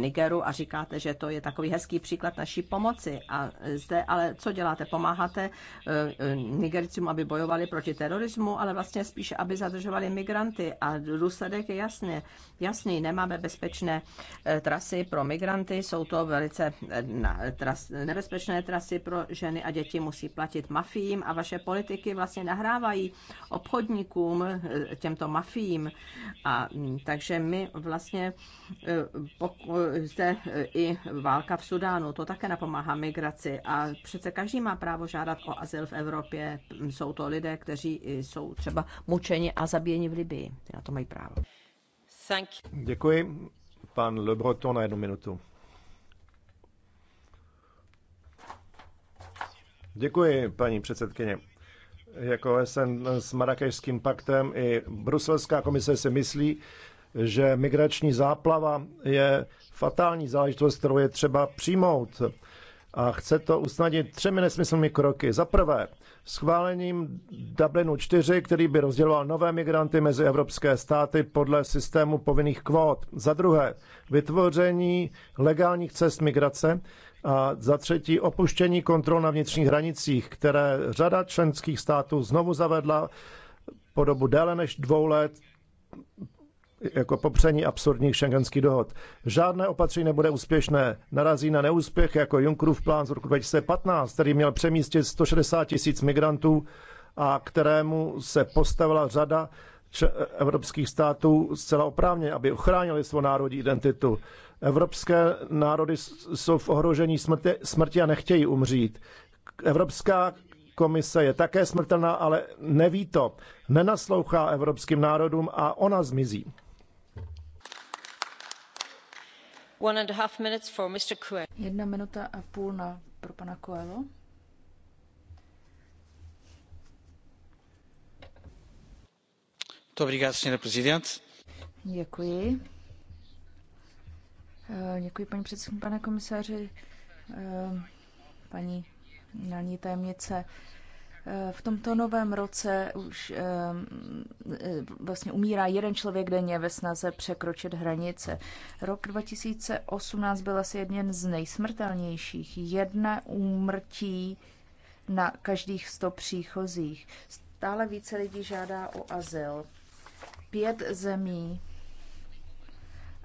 Nigeru a říkáte, že to je takový hezký příklad naší pomoci. A zde ale co děláte? Pomáháte eh, eh, Nigericům, aby bojovali proti terorismu, ale vlastně spíše, aby zadržovali migranty. A důsledek je jasný. Jasný, nemáme bezpečné eh, trasy pro migranty, jsou to velice nebezpečné trasy pro ženy a děti musí platit mafiím a vaše politiky vlastně nahrávají obchodníkům, těmto mafiím. A mm, takže my vlastně pokud zde e, i válka v Sudánu, to také napomáhá migraci a přece každý má právo žádat o azyl v Evropě. Jsou to lidé, kteří jsou třeba mučeni a zabíjeni v Libii. Ty na to mají právo. Děkuji. Pan Le Breton na jednu minutu. Děkuji, paní předsedkyně. Jako SN s Marrakešským paktem i Bruselská komise si myslí, že migrační záplava je fatální záležitost, kterou je třeba přijmout. A chce to usnadnit třemi nesmyslnými kroky. Za prvé, schválením Dublinu 4, který by rozděloval nové migranty mezi evropské státy podle systému povinných kvót. Za druhé, vytvoření legálních cest migrace. A za třetí, opuštění kontrol na vnitřních hranicích, které řada členských států znovu zavedla po dobu déle než dvou let jako popření absurdních šengenských dohod. Žádné opatření nebude úspěšné. Narazí na neúspěch jako Junckerův plán z roku 2015, který měl přemístit 160 tisíc migrantů a kterému se postavila řada evropských států zcela oprávně, aby ochránili svou národní identitu. Evropské národy jsou v ohrožení smrti, smrti a nechtějí umřít. Evropská komise je také smrtelná, ale neví to. Nenaslouchá evropským národům a ona zmizí. Jedna minuta a půl na, pro Děkuji. Eh, děkuji, paní předsedkyně, pane komisaři, eh, paní národní tajemnice. Eh, v tomto novém roce už eh, vlastně umírá jeden člověk denně ve snaze překročit hranice. Rok 2018 byl asi jeden z nejsmrtelnějších. Jedna úmrtí na každých 100 příchozích. Stále více lidí žádá o azyl. Pět zemí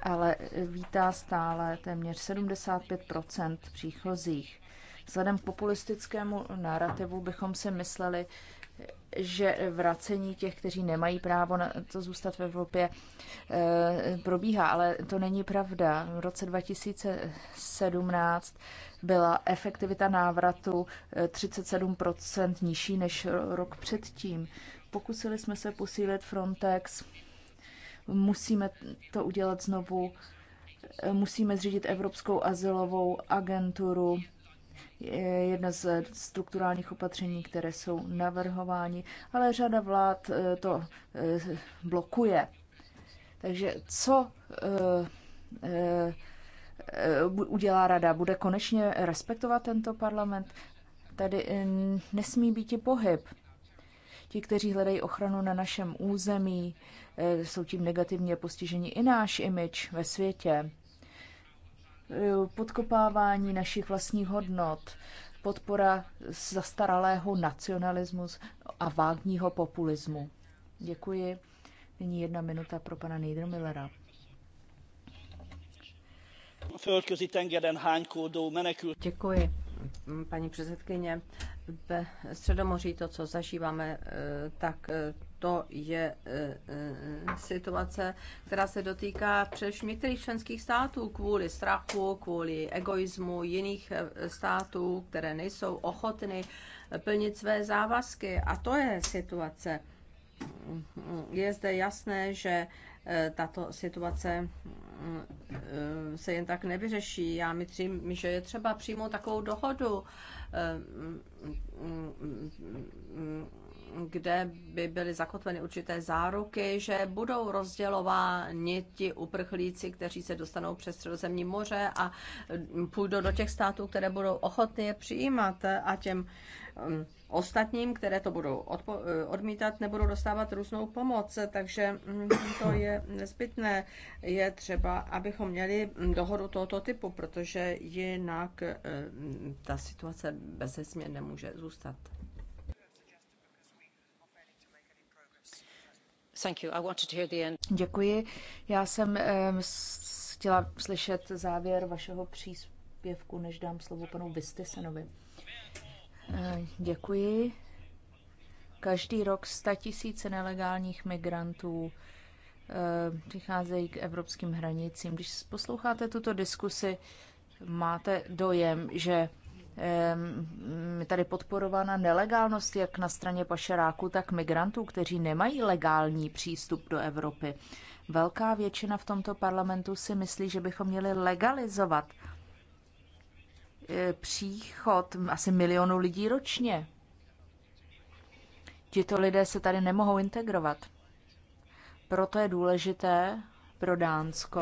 ale vítá stále téměř 75 příchozích. Vzhledem k populistickému narrativu bychom si mysleli, že vracení těch, kteří nemají právo na to zůstat v Evropě, eh, probíhá, ale to není pravda. V roce 2017 byla efektivita návratu 37% eh, nižší než rok předtím. Pokusili jsme se posílit Frontex, musíme to udělat znovu, eh, musíme zřídit Evropskou asilovou agenturu, jedna z strukturálních opatření, které jsou navrhováni, ale řada vlád eh, to eh, blokuje. Takže co eh, udělá rada? Bude konečně respektovat tento parlament? Tady nesmí být i pohyb. Ti, kteří hledají ochranu na našem území, jsou tím negativně postiženi i náš imič ve světě podkopávání našich vlastních hodnot, podpora zastaralého nacionalismu a vágního populismu. Děkuji. Nyní jedna minuta pro pana Niedermillera. Děkuji, paní předsedkyně. Ve Středomoří to, co zažíváme, eh, tak eh, to je e, e, situace, která se dotýká především některých členských států kvůli strachu, kvůli egoismu jiných e, států, které nejsou ochotny plnit své závazky. A to je situace. Je zde jasné, že tato situace se jen tak nevyřeší. Já myslím, že je třeba přijmout takovou dohodu kde by byly zakotveny určité záruky, že budou rozdělováni ti uprchlíci, kteří se dostanou přes Středozemní moře a mm, půjdou do těch států, které budou ochotně je přijímat a těm mm, ostatním, které to budou eh, odmítat, nebudou dostávat různou pomoc, takže mm, to je nezbytné. Je třeba, abychom měli dohodu tohoto typu, protože jinak eh, ta situace bez nemůže zůstat. Děkuji. Já jsem ehm, chtěla slyšet závěr vašeho příspěvku, než dám slovo panu Vistesenovi. Ehm, děkuji. Každý rok sta tisíce nelegálních migrantů ehm, přicházejí k evropským hranicím. Když posloucháte tuto diskusi, máte dojem, že tady podporována nelegálnost jak na straně pašeráků, tak migrantů, kteří nemají legální přístup do Evropy. Velká většina v tomto parlamentu si myslí, že bychom měli legalizovat e, příchod asi milionu lidí ročně. Tito lidé se tady nemohou integrovat. Proto je důležité pro Dánsko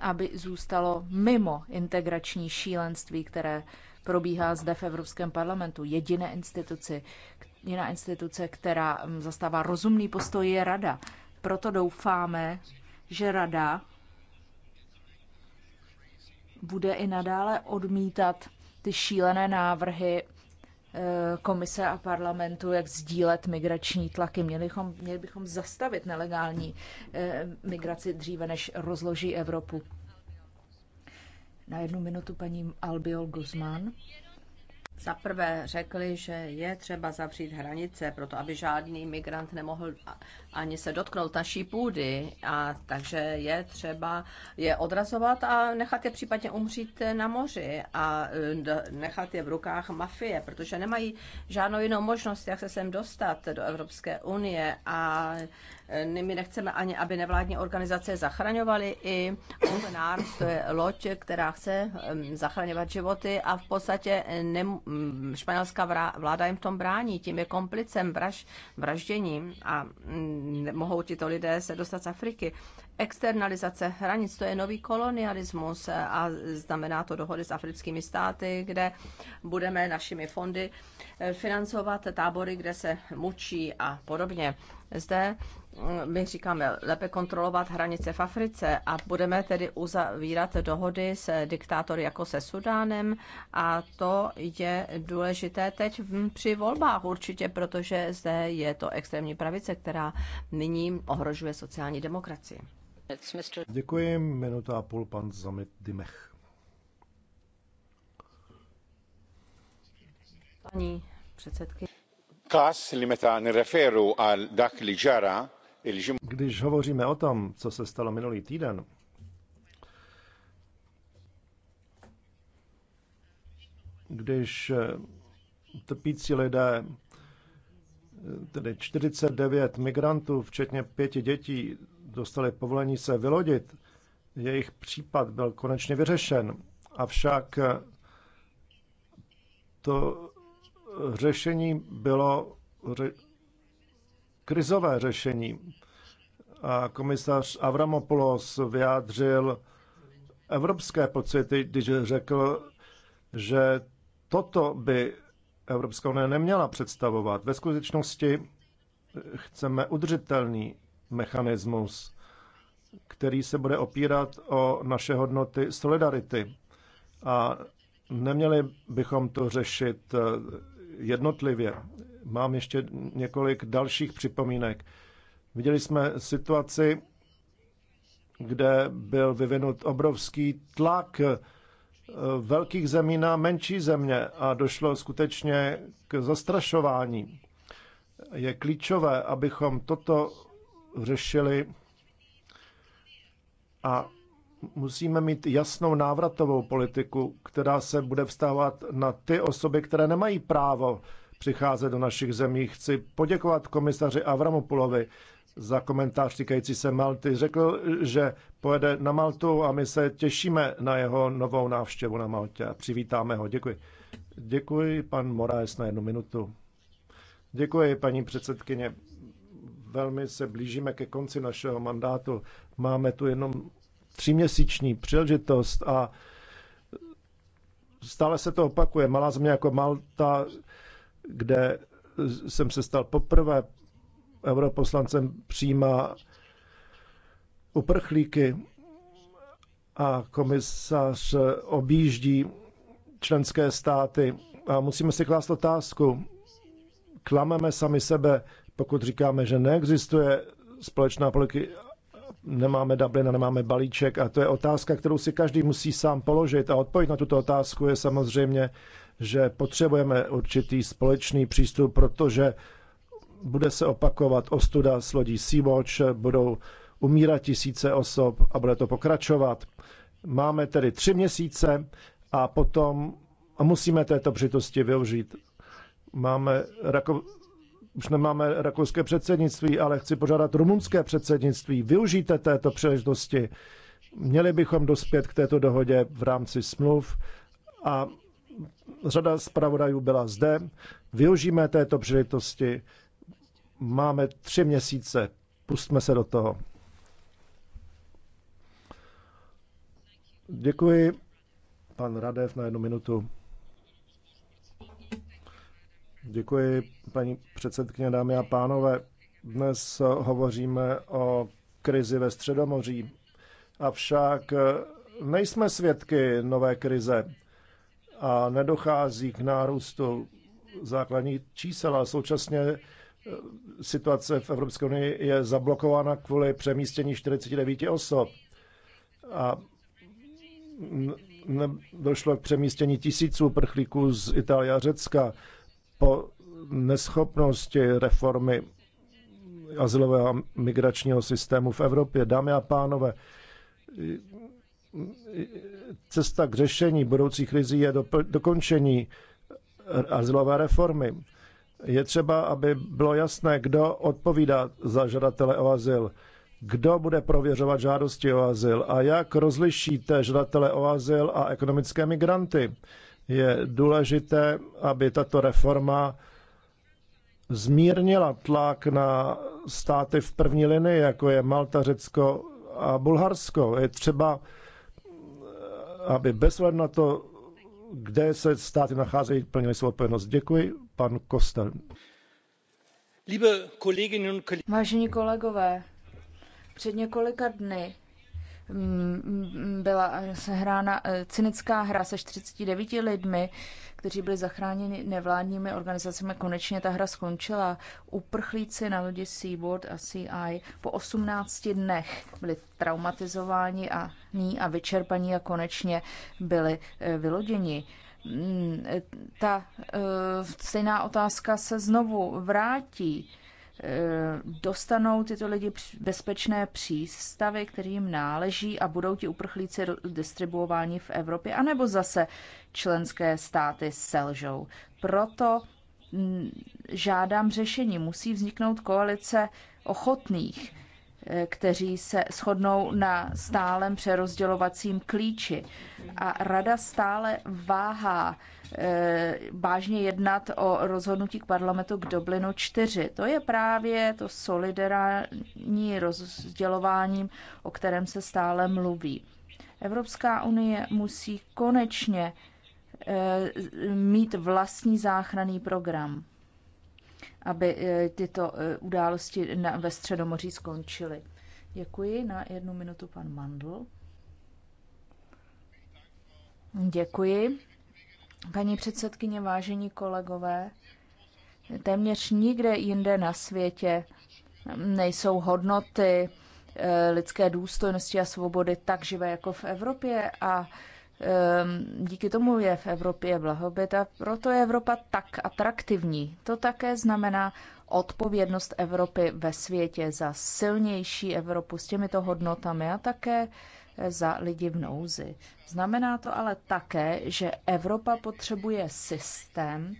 aby zůstalo mimo integrační šílenství, které probíhá zde v Evropském parlamentu. Jediné instituci, jediná instituce, která mm, zastává rozumný postoj, je Rada. Proto doufáme, že Rada bude i nadále odmítat ty šílené návrhy Eh, komise a parlamentu, jak sdílet migrační tlaky. Měli bychom, měli bychom zastavit nelegální eh, migraci dříve, než rozloží Evropu. Na jednu minutu paní Albiol Guzman. Za prvé řekli, že je třeba zavřít hranice, proto aby žádný migrant nemohl ani se dotknout naší půdy. A takže je třeba je odrazovat a nechat je případně umřít na moři a eh, nechat je v rukách mafie, protože nemají žádnou jinou možnost, jak se sem dostat do Evropské unie a eh, my nechceme ani, aby nevládní organizace zachraňovaly i Open to je loď, která chce ehm, zachraňovat životy a v podstatě ne, mm, španělská vláda jim v tom brání, tím je komplicem vraž, vražděním a mm, mohou tito lidé se dostat z Afriky. Externalizace hranic, to je nový kolonialismus a znamená to dohody s africkými státy, kde budeme našimi fondy eh, financovat tábory, kde se mučí a podobně. Zde my říkáme lépe kontrolovat hranice v Africe a budeme tedy uzavírat dohody s diktátory jako se Sudánem a to je důležité teď při volbách určitě, protože zde je to extrémní pravice, která nyní ohrožuje sociální demokracii. Děkuji, minuta a půl pan Zamit Dimech. Paní předsedky. Kas li referu al għal dak li když hovoříme o tom, co se stalo minulý týden, když eh, trpící lidé, eh, tedy 49 migrantů, včetně pěti dětí, dostali povolení se vylodit, jejich případ byl konečně vyřešen. Avšak eh, to řešení bylo krizové řešení. A komisař Avramopoulos vyjádřil evropské pocity, když řekl, že toto by Evropská unie neměla představovat. Ve skutečnosti chceme udržitelný mechanismus, který se bude opírat o naše hodnoty solidarity. A neměli bychom to řešit jednotlivě. Mám ještě několik dalších připomínek. Viděli jsme situaci, kde byl vyvinut obrovský tlak eh, velkých zemí na menší země a došlo skutečně k zastrašování. Je klíčové, abychom toto řešili a musíme mít jasnou návratovou politiku, která se bude vztahovat na ty osoby, které nemají právo přicházet do našich zemí. Chci poděkovat komisaři Avramopulovi za komentář týkající se Malty. Řekl, že pojede na Maltu a my se těšíme na jeho novou návštěvu na Maltě. Přivítáme ho. Děkuji. Děkuji, pan Moraes, na jednu minutu. Děkuji, paní předsedkyně. Velmi se blížíme ke konci našeho mandátu. Máme tu jenom tříměsíční příležitost a stále se to opakuje. Malá země jako Malta kde jsem se stal poprvé europoslancem, přijímá uprchlíky a komisař objíždí členské státy. A musíme si klást otázku, klameme sami sebe, pokud říkáme, že neexistuje společná politika, nemáme Dublin a nemáme balíček. A to je otázka, kterou si každý musí sám položit. A odpověď na tuto otázku je samozřejmě že potřebujeme určitý společný přístup, protože bude se opakovat ostuda s lodí Sea-Watch, budou umírat tisíce osob a bude to pokračovat. Máme tedy tři měsíce a potom a musíme této přitosti využít. Máme rako, už nemáme rakouské předsednictví, ale chci požádat rumunské předsednictví. Využijte této příležitosti. Měli bychom dospět k této dohodě v rámci smluv a Řada zpravodajů byla zde. Využijeme této příležitosti. Máme tři měsíce. Pustme se do toho. Děkuji. Pan Radev na jednu minutu. Děkuji, paní předsedkyně, dámy a pánové. Dnes hovoříme o krizi ve Středomoří. Avšak nejsme svědky nové krize a nedochází k nárůstu základních čísel a současně eh, situace v Evropské unii je zablokována kvůli přemístění 49 osob. A došlo k přemístění tisíců prchlíků z Itálie a Řecka po neschopnosti reformy azylového a migračního systému v Evropě. Dámy a pánové, cesta k řešení budoucích krizí je do, dokončení azylové reformy. Je třeba, aby bylo jasné, kdo odpovídá za žadatele o azyl, kdo bude prověřovat žádosti o azyl a jak rozlišíte žadatele o azyl a ekonomické migranty. Je důležité, aby tato reforma zmírnila tlak na státy v první linii, jako je Malta, Řecko a Bulharsko. Je třeba aby bez ohledu na to, kde se státy nacházejí, plnili svou odpovědnost. Děkuji, pan Kostel. Vážení kolegové, před několika dny mm, mm, byla sehrána eh, cynická hra se 49 lidmi, kteří byli zachráněni nevládními organizacemi. Konečně ta hra skončila. Uprchlíci na lodi Seaboard a CI po 18 dnech byli traumatizováni a, ní a vyčerpaní a konečně byli eh, vyloděni mm, eh, ta eh, stejná otázka se znovu vrátí. Eh, dostanou tyto lidi bezpečné přístavy, kterým náleží a budou ti uprchlíci distribuováni v Evropě, anebo zase členské státy selžou. Proto mm, žádám řešení. Musí vzniknout koalice ochotných kteří se shodnou na stálem přerozdělovacím klíči. A rada stále váhá eh, vážně jednat o rozhodnutí k parlamentu k Dublinu 4. To je právě to solidární rozdělování, o kterém se stále mluví. Evropská unie musí konečně eh, mít vlastní záchranný program aby eh, tyto eh, události ve Středomoří skončily. Děkuji. Na jednu minutu pan Mandl. Děkuji. Paní předsedkyně, vážení kolegové, téměř nikde jinde na světě nejsou hodnoty eh, lidské důstojnosti a svobody tak živé jako v Evropě a Ehm, díky tomu je v Evropě blahobyt a proto je Evropa tak atraktivní. To také znamená odpovědnost Evropy ve světě za silnější Evropu s těmito hodnotami a také za lidi v nouzi. Znamená to ale také, že Evropa potřebuje systém,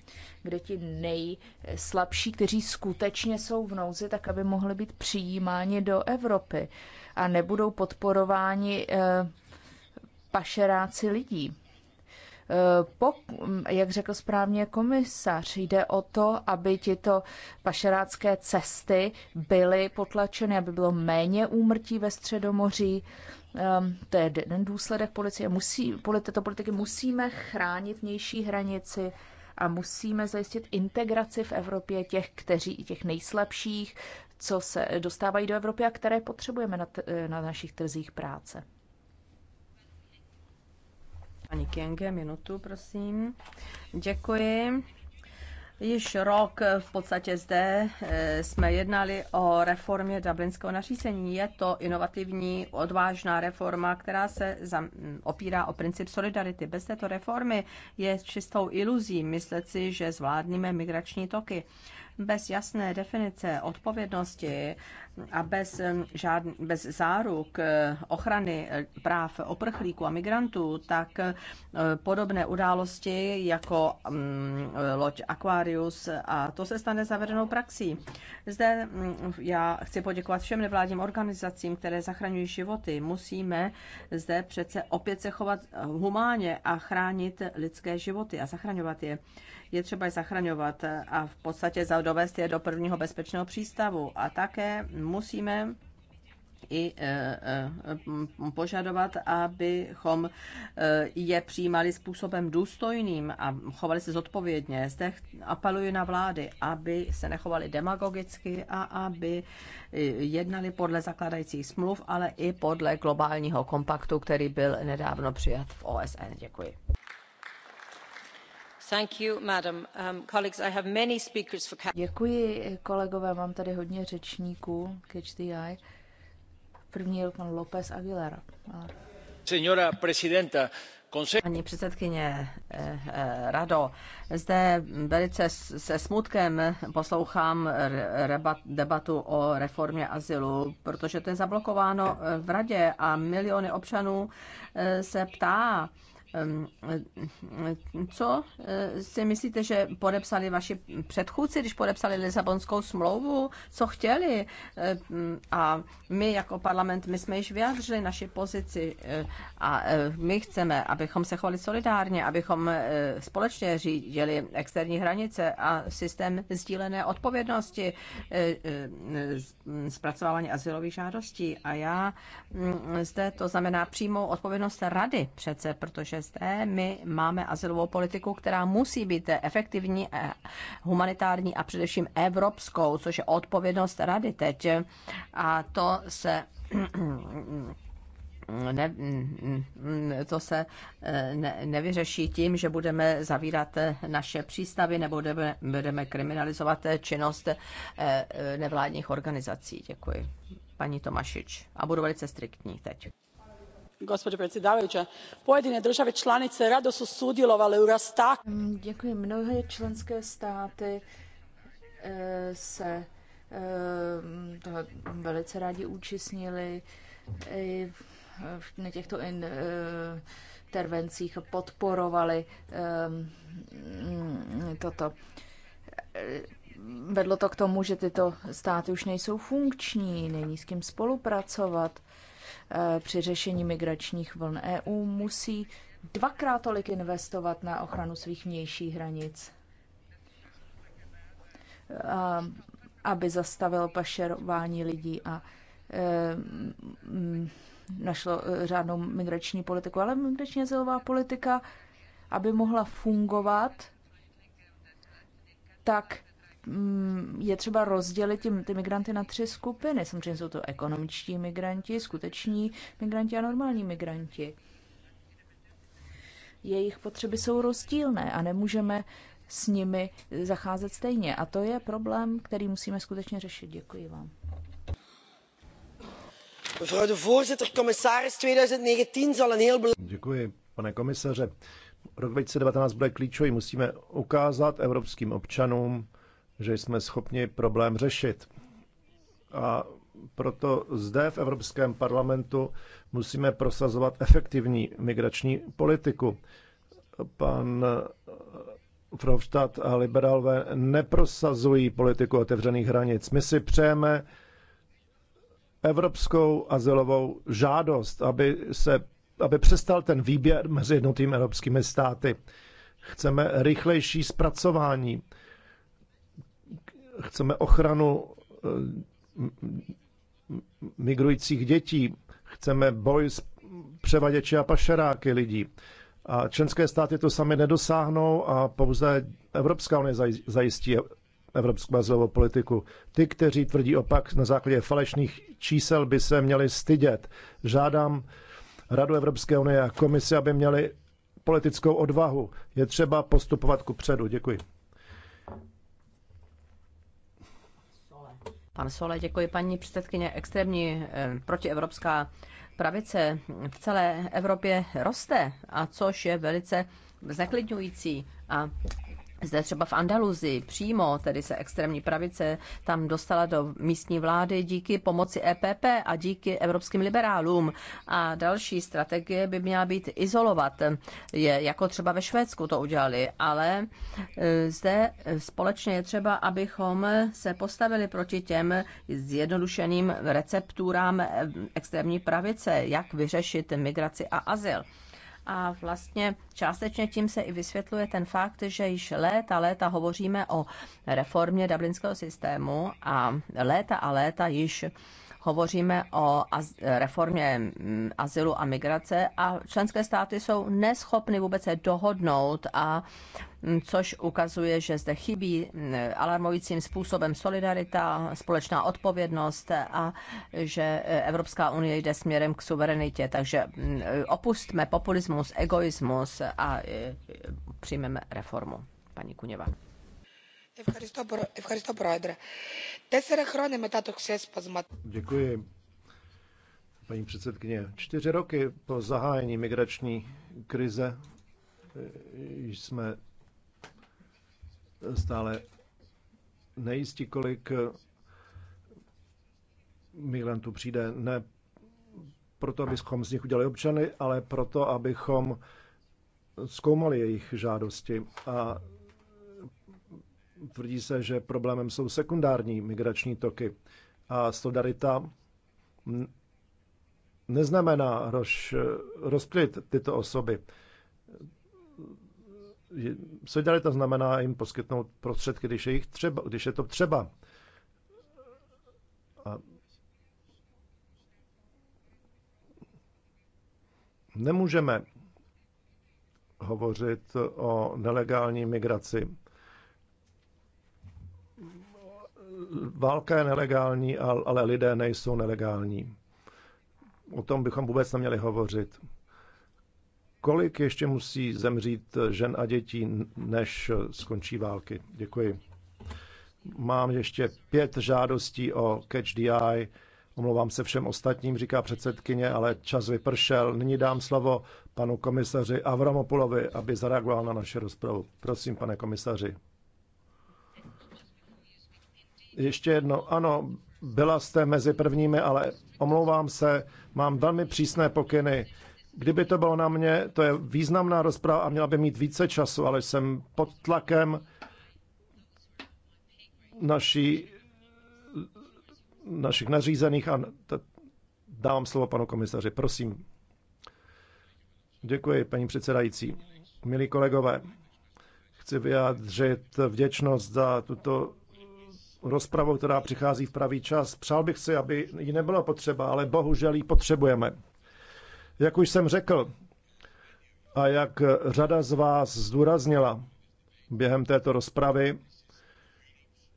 kde ti nejslabší, kteří skutečně jsou v nouzi, tak aby mohli být přijímáni do Evropy a nebudou podporováni eh, pašeráci lidí. Eh, po, mm, jak řekl správně komisař, jde o to, aby tyto pašerácké cesty byly potlačeny, aby bylo méně úmrtí ve Středomoří. Ehm, to je jeden důsledek policie. Musí, tyto politiky musíme chránit vnější hranici a musíme zajistit integraci v Evropě těch, kteří i těch nejslabších, co se dostávají do Evropy a které potřebujeme na, eh, na našich trzích práce. Pani Kienge, minutu, prosím. Děkuji. Již rok v podstatě zde eh, jsme jednali o reformě dublinského nařízení. Je to inovativní, odvážná reforma, která se opírá o princip solidarity. Bez této reformy je čistou iluzí myslet si, že zvládneme migrační toky bez jasné definice odpovědnosti a bez, eh, žádn, bez záruk eh, ochrany eh, práv oprchlíků a migrantů, tak podobné události jako mm, loď Aquarius a to se stane zavedenou praxí. Zde mm, já chci poděkovat všem nevládním organizacím, které zachraňují životy. Musíme zde přece opět se chovat humánně a chránit lidské životy a zachraňovat je. Je třeba je zachraňovat a v podstatě za dovést je do prvního bezpečného přístavu. A také musíme i e, e, požadovat, abychom e, je přijímali způsobem důstojným a chovali se zodpovědně. Zde apeluji na vlády, aby se nechovali demagogicky a aby jednali podle zakladajících smluv, ale i podle globálního kompaktu, který byl nedávno přijat v OSN. Děkuji. Děkuji, kolegové, mám tady hodně řečníků, catch the První je pan López Aguilar. Señora presidenta, Paní předsedkyně eh, eh, Rado, zde velice se smutkem poslouchám debatu o reformě azylu, protože to je zablokováno v Radě a miliony občanů eh, se ptá, co eh, si myslíte, že podepsali vaši předchůdci, když podepsali Lisabonskou smlouvu, co chtěli? Eh, a my jako parlament, my jsme již vyjádřili naši pozici eh, a my chceme, abychom se chovali solidárně, abychom společně řídili externí hranice a systém sdílené odpovědnosti zpracovávání asilových žádostí. A já mm, zde to znamená přímou odpovědnost rady přece, protože protože my máme asilovou politiku, která musí být efektivní, eh, humanitární a především evropskou, což je odpovědnost rady teď. A to se ne, to se eh, ne, nevyřeší tím, že budeme zavírat eh, naše přístavy nebo budeme, budeme kriminalizovat činnost nevládních organizací. Děkuji. Paní Tomašič. A budu velice striktní teď gospođo predsjedavajuća pojedine države članice rado su sudjelovale u rastakanju. mnoge mm, Mnohé členské státy eh, se eh, toho velice rádi účastnili na těchto eh, intervencích a podporovali toto. Vedlo to k tomu, že tyto státy už nejsou funkční, není s kým spolupracovat Eh, při řešení migračních vln. EU musí dvakrát tolik investovat na ochranu svých vnějších hranic, eh, aby zastavil pašerování lidí a eh, našlo řádnou migrační politiku. Ale migrační azylová politika, aby mohla fungovat, tak Mm, je třeba rozdělit tím, ty migranty na tři skupiny. Samozřejmě jsou to ekonomičtí migranti, skuteční migranti a normální migranti. Jejich potřeby jsou rozdílné a nemůžeme s nimi zacházet stejně. A to je problém, který musíme skutečně řešit. Děkuji vám. Mevrouw de voorzitter, commissaris, 2019 zal een heel Děkuji, pane komisaře. Rok 2019 bude klíčový. Musíme ukázat evropským občanům, že jsme schopni problém řešit. A proto zde v Evropském parlamentu musíme prosazovat efektivní migrační politiku. Pan Frovštat a liberálové neprosazují politiku otevřených hranic. My si přejeme evropskou azylovou žádost, aby, se, aby přestal ten výběr mezi jednotlivými evropskými státy. Chceme rychlejší zpracování chceme ochranu eh, migrujících dětí, chceme boj s převaděči a pašeráky lidí. A členské státy to sami nedosáhnou a pouze Evropská unie zajistí evropskou azylovou politiku. Ty, kteří tvrdí opak na základě falešných čísel, by se měli stydět. Žádám Radu Evropské unie a komisi, aby měli politickou odvahu. Je třeba postupovat ku předu. Děkuji. Pan Sole, děkuji paní předsedkyně. Extrémní eh, protievropská pravice v celé Evropě roste, a což je velice zneklidňující. A zde třeba v Andaluzii přímo, tedy se extrémní pravice tam dostala do místní vlády díky pomoci EPP a díky evropským liberálům. A další strategie by měla být izolovat je, jako třeba ve Švédsku to udělali, ale e, zde společně je třeba, abychom se postavili proti těm zjednodušeným recepturám e, extrémní pravice, jak vyřešit migraci a azyl a vlastně částečně tím se i vysvětluje ten fakt, že již léta, léta hovoříme o reformě dublinského systému a léta a léta již hovoříme o az, reformě mm, azylu a migrace a členské státy jsou neschopny vůbec se dohodnout a mm, což ukazuje, že zde chybí mm, alarmujícím způsobem solidarita, společná odpovědnost a že eh, Evropská unie jde směrem k suverenitě. Takže opustme populismus, egoismus a eh, přijmeme reformu. Paní Kuněva. Děkuji, paní předsedkyně. Čtyři roky po zahájení migrační krize eh, jsme stále nejistí, kolik eh, migrantů přijde. Ne proto, abychom z nich udělali občany, ale proto, abychom zkoumali jejich žádosti a Tvrdí se, že problémem jsou sekundární migrační toky. A solidarita neznamená roz, rozplit tyto osoby. Solidarita znamená jim poskytnout prostředky, když je, jich třeba, když je to třeba. A nemůžeme hovořit o nelegální migraci válka je nelegální, ale lidé nejsou nelegální. O tom bychom vůbec neměli hovořit. Kolik ještě musí zemřít žen a dětí, než skončí války? Děkuji. Mám ještě pět žádostí o Catch the Eye. Omlouvám se všem ostatním, říká předsedkyně, ale čas vypršel. Nyní dám slovo panu komisaři Avramopulovi, aby zareagoval na naše rozpravu. Prosím, pane komisaři. Ještě jedno, ano, byla jste mezi prvními, ale omlouvám se, mám velmi přísné pokyny. Kdyby to bylo na mě, to je významná rozprava a měla by mít více času, ale jsem pod tlakem naší, našich nařízených a dávám slovo panu komisaři, prosím. Děkuji, paní předsedající. Milí kolegové, chci vyjádřit vděčnost za tuto rozpravou, která přichází v pravý čas. Přál bych si, aby ji nebyla potřeba, ale bohužel ji potřebujeme. Jak už jsem řekl a jak řada z vás zdůraznila během této rozpravy,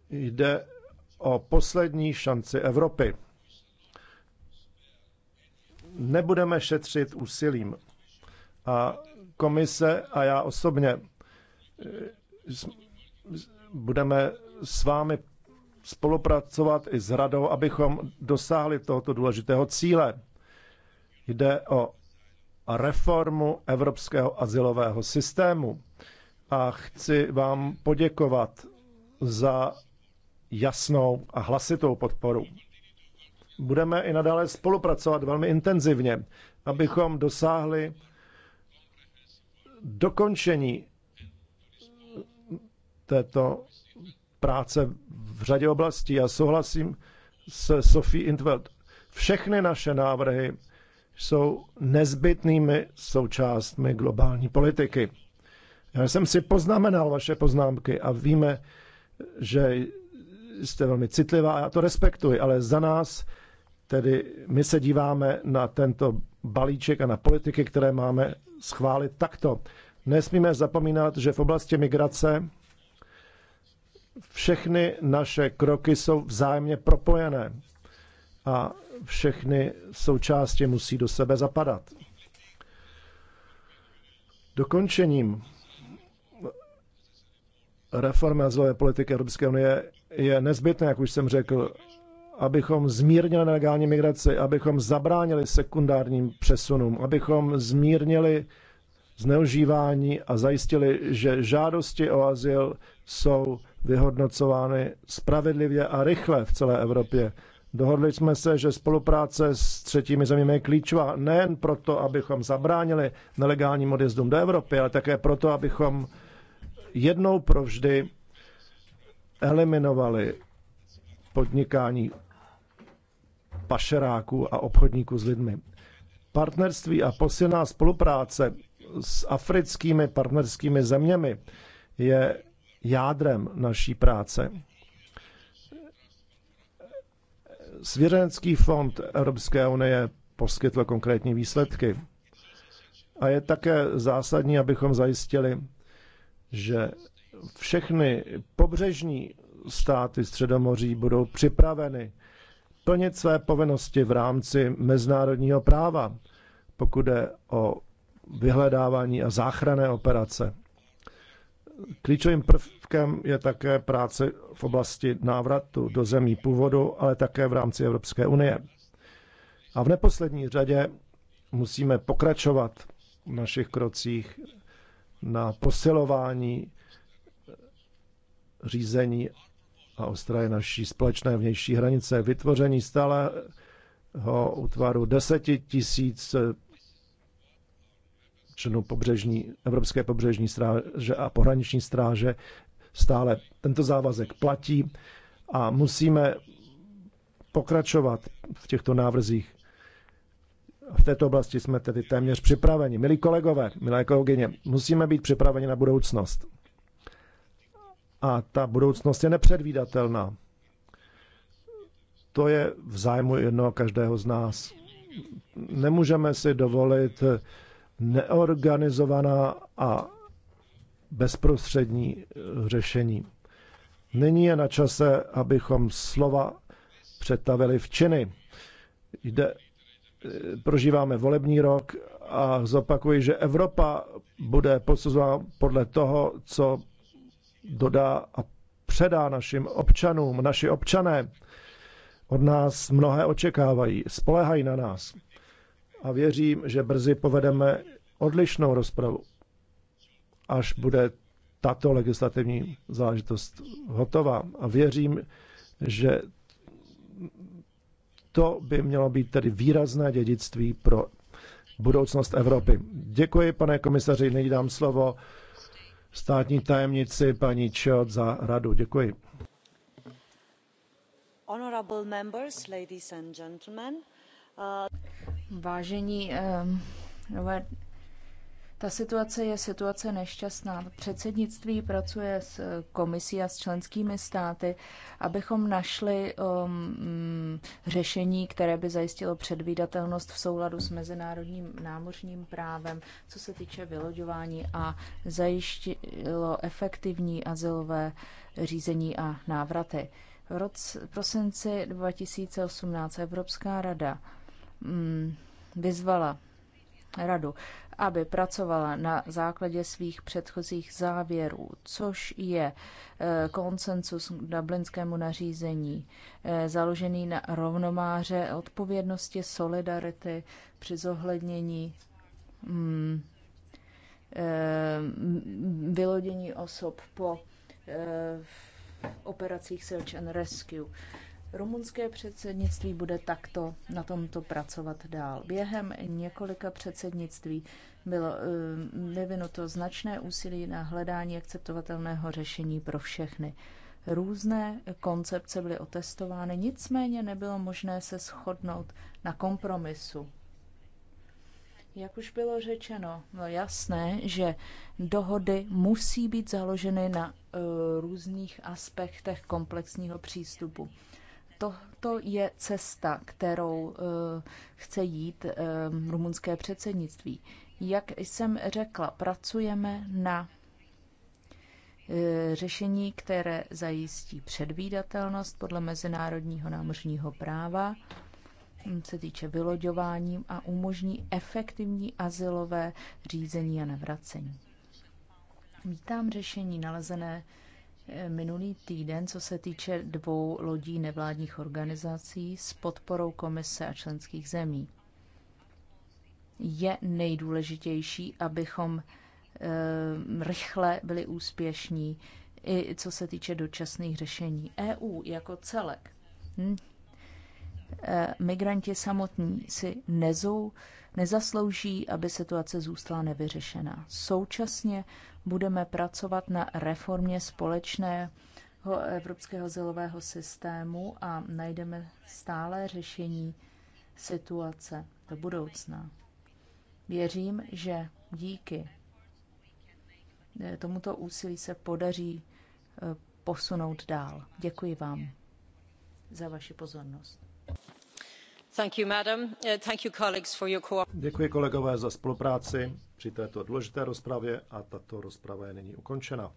jde o poslední šanci Evropy. Nebudeme šetřit úsilím. A komise a já osobně budeme s vámi spolupracovat i s radou, abychom dosáhli tohoto důležitého cíle. Jde o reformu evropského asilového systému a chci vám poděkovat za jasnou a hlasitou podporu. Budeme i nadále spolupracovat velmi intenzivně, abychom dosáhli dokončení této práce v řadě oblastí. Já souhlasím s Sophie Intveld. Všechny naše návrhy jsou nezbytnými součástmi globální politiky. Já jsem si poznamenal vaše poznámky a víme, že jste velmi citlivá a já to respektuji, ale za nás tedy my se díváme na tento balíček a na politiky, které máme schválit takto. Nesmíme zapomínat, že v oblasti migrace všechny naše kroky jsou vzájemně propojené a všechny součástě musí do sebe zapadat. Dokončením reformy azylové politiky Evropské unie je nezbytné, jak už jsem řekl, abychom zmírnili nelegální migraci, abychom zabránili sekundárním přesunům, abychom zmírnili zneužívání a zajistili, že žádosti o azyl jsou vyhodnocovány spravedlivě a rychle v celé Evropě. Dohodli jsme se, že spolupráce s třetími zeměmi je klíčová nejen proto, abychom zabránili nelegálním odjezdům do Evropy, ale také proto, abychom jednou provždy eliminovali podnikání pašeráků a obchodníků s lidmi. Partnerství a posilná spolupráce s africkými partnerskými zeměmi je jádrem naší práce. Svěřenský fond Evropské unie poskytl konkrétní výsledky. A je také zásadní, abychom zajistili, že všechny pobřežní státy Středomoří budou připraveny plnit své povinnosti v rámci mezinárodního práva, pokud je o vyhledávání a záchranné operace. Klíčovým prvkem je také práce v oblasti návratu do zemí původu, ale také v rámci Evropské unie. A v neposlední řadě musíme pokračovat v našich krocích na posilování řízení a ostraje naší společné vnější hranice, vytvoření stáleho útvaru 10 tisíc členů pobřežní, Evropské pobřežní stráže a pohraniční stráže stále tento závazek platí a musíme pokračovat v těchto návrzích. V této oblasti jsme tedy téměř připraveni. Milí kolegové, milé kolegyně, musíme být připraveni na budoucnost. A ta budoucnost je nepředvídatelná. To je v zájmu jednoho každého z nás. Nemůžeme si dovolit neorganizovaná a bezprostřední eh, řešení. Nyní je na čase, abychom slova přetavili v činy. Jde, eh, prožíváme volební rok a zopakuji, že Evropa bude posuzována podle toho, co dodá a předá našim občanům. Naši občané od nás mnohé očekávají, spolehají na nás a věřím, že brzy povedeme odlišnou rozpravu, až bude tato legislativní záležitost hotová. A věřím, že to by mělo být tedy výrazné dědictví pro budoucnost Evropy. Děkuji, pane komisaři, nyní dám slovo státní tajemnici paní Čot za radu. Děkuji. Honorable members, ladies and gentlemen, uh... Vážení, Robert, ehm, ta situace je situace nešťastná. Předsednictví pracuje s eh, komisí a s členskými státy, abychom našli um, řešení, které by zajistilo předvídatelnost v souladu s mezinárodním námořním právem, co se týče vyloďování a zajistilo efektivní azylové řízení a návraty. V roce prosinci 2018 Evropská rada Mm, vyzvala radu, aby pracovala na základě svých předchozích závěrů, což je eh, konsensus k dublinskému nařízení, eh, založený na rovnomáře odpovědnosti, solidarity při zohlednění hmm, vylodění osob po operacích Search and Rescue. Rumunské předsednictví bude takto na tomto pracovat dál. Během několika předsednictví bylo eh, vyvinuto značné úsilí na hledání akceptovatelného řešení pro všechny. Různé koncepce byly otestovány, nicméně nebylo možné se shodnout na kompromisu. Jak už bylo řečeno, no jasné, že dohody musí být založeny na eh, různých aspektech komplexního přístupu. To je cesta, kterou eh, chce jít eh, rumunské předsednictví. Jak jsem řekla, pracujeme na eh, řešení, které zajistí předvídatelnost podle mezinárodního námořního práva, hm, se týče vyloďování a umožní efektivní azylové řízení a navracení. Vítám řešení nalezené minulý týden, co se týče dvou lodí nevládních organizací s podporou komise a členských zemí. Je nejdůležitější, abychom eh, rychle byli úspěšní, i co se týče dočasných řešení. EU jako celek hm, Eh, migranti samotní si nezou, nezaslouží, aby situace zůstala nevyřešená. Současně budeme pracovat na reformě společné evropského zelového systému a najdeme stále řešení situace do budoucna. Věřím, že díky eh, tomuto úsilí se podaří eh, posunout dál. Děkuji vám za vaši pozornost. Děkuji kolegové za spolupráci při této důležité rozpravě a tato rozprava je nyní ukončena.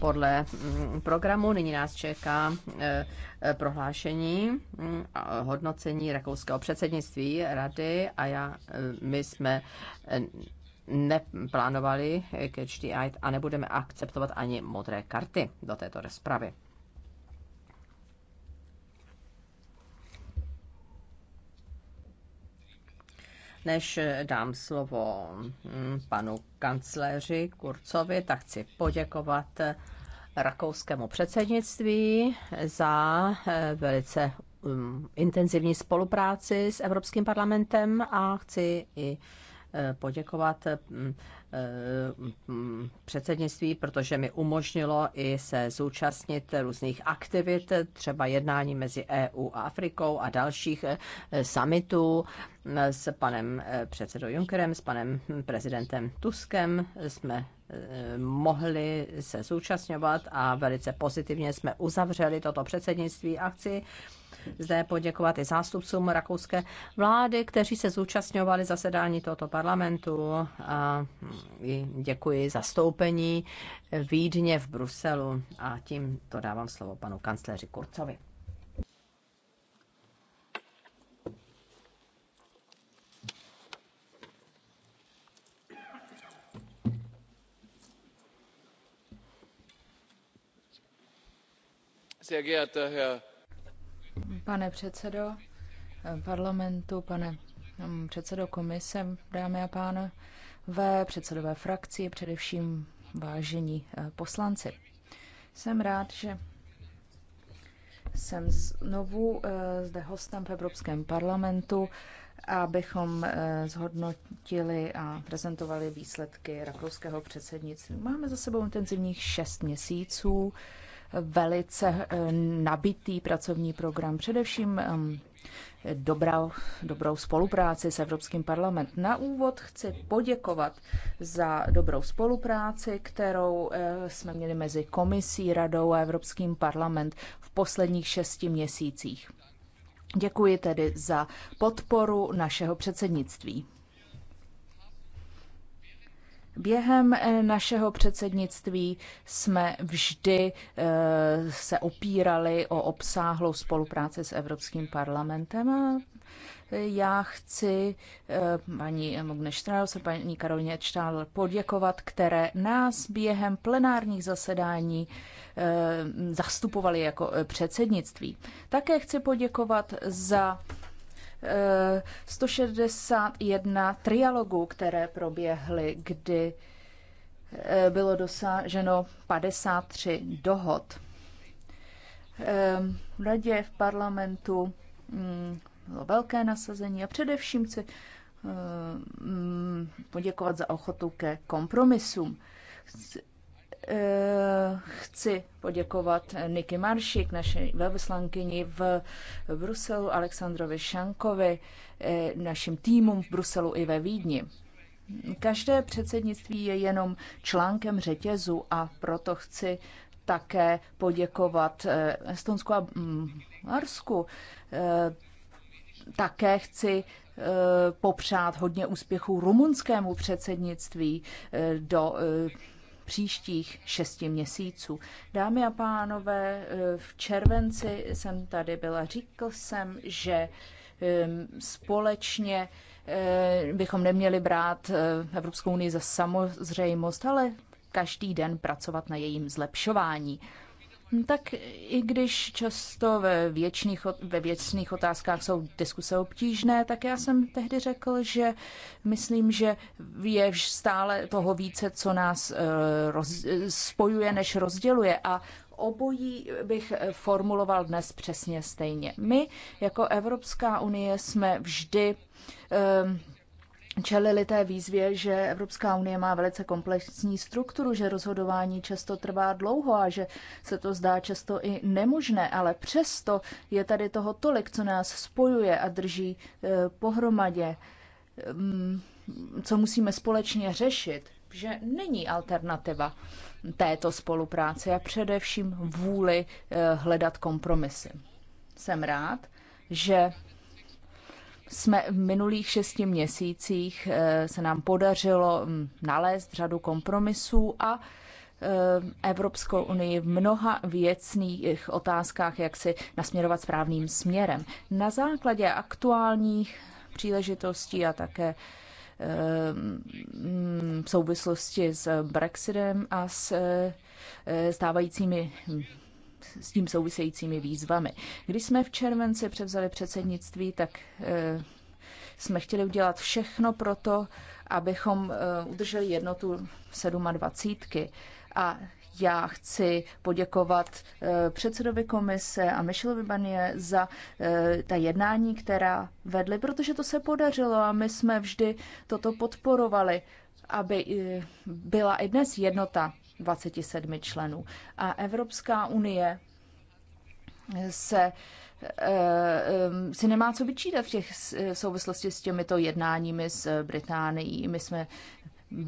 Podle mm, programu nyní nás čeká eh, eh, prohlášení mm, a hodnocení rakouského předsednictví rady a já, eh, my jsme neplánovali catch the eye a nebudeme akceptovat ani modré karty do této rozpravy. Než dám slovo hm, panu kancléři Kurcovi, tak chci poděkovat rakouskému předsednictví za eh, velice hm, intenzivní spolupráci s Evropským parlamentem a chci i poděkovat eh, mm, předsednictví, protože mi umožnilo i se zúčastnit různých aktivit, třeba jednání mezi EU a Afrikou a dalších eh, summitů eh, s panem předsedou Junckerem, s panem hm, prezidentem Tuskem. Jsme mohli se zúčastňovat a velice pozitivně jsme uzavřeli toto předsednictví akci zde poděkovat i zástupcům rakouské vlády, kteří se zúčastňovali zasedání tohoto parlamentu. A mm, děkuji zastoupení Vídně v Bruselu a tím to dávám slovo panu kancléři Kurcovi. sehr geehrter herr Pane předsedo parlamentu, pane mm, předsedo komise, dámy a pánové, předsedové frakci, především vážení eh, poslanci. Jsem rád, že jsem znovu eh, zde hostem v Evropském parlamentu, abychom eh, zhodnotili a prezentovali výsledky rakouského předsednictví. Máme za sebou intenzivních šest měsíců velice eh, nabitý pracovní program, především dobrou, dobrou spolupráci s Evropským parlament. Na úvod chci poděkovat za dobrou spolupráci, kterou eh, jsme měli mezi komisí, radou a Evropským parlament v posledních šesti měsících. Děkuji tedy za podporu našeho předsednictví. Během eh, našeho předsednictví jsme vždy eh, se opírali o obsáhlou spolupráci s Evropským parlamentem a eh, já chci paní Mugne a paní Karolině Čtál poděkovat, které nás během plenárních zasedání zastupovali jako předsednictví. Také chci poděkovat za 161 trialogů, které proběhly, kdy eh, bylo dosaženo 53 dohod. Eh, v radě, v parlamentu mm, bylo velké nasazení a především chci eh, mm, poděkovat za ochotu ke kompromisům. Eh, chci poděkovat Niky Maršik, naší velvyslankyni v Bruselu, Alexandrovi Šankovi, eh, našim týmům v Bruselu i ve Vídni. Každé předsednictví je jenom článkem řetězu a proto chci také poděkovat eh, Estonsku a mm, Marsku. Také chci popřát hodně úspěchů rumunskému předsednictví do příštích šesti měsíců. Dámy a pánové, eh, v červenci jsem tady byla. Říkal jsem, že ehm, společně eh, bychom neměli brát eh, Evropskou unii za samozřejmost, ale každý den pracovat na jejím zlepšování. Mm, tak i když často ve, věčných, ve věcných otázkách jsou diskuse obtížné, tak já jsem tehdy řekl, že myslím, že je stále toho více, co nás eh, roz, spojuje, než rozděluje. A obojí bych eh, formuloval dnes přesně stejně. My jako Evropská unie jsme vždy eh, čelili té výzvě, že Evropská unie má velice komplexní strukturu, že rozhodování často trvá dlouho a že se to zdá často i nemožné, ale přesto je tady toho tolik, co nás spojuje a drží eh, pohromadě, mm, co musíme společně řešit, že není alternativa této spolupráce a především vůli eh, hledat kompromisy. Jsem rád, že jsme v minulých šesti měsících eh, se nám podařilo hm, nalézt řadu kompromisů a eh, Evropskou unii v mnoha věcných otázkách, jak si nasměrovat správným směrem. Na základě aktuálních příležitostí a také eh, hm, v souvislosti s Brexitem a s stávajícími s tím souvisejícími výzvami. Když jsme v červenci převzali předsednictví, tak eh, jsme chtěli udělat všechno pro to, abychom eh, udrželi jednotu 27. A já chci poděkovat eh, předsedovi komise a Michelovi Banie za ta jednání, která vedly, protože to se podařilo a my jsme vždy toto podporovali, aby byla i dnes jednota 27 členů. A Evropská unie se eh, si nemá co vyčítat v těch souvislosti s těmito jednáními s Británií. My jsme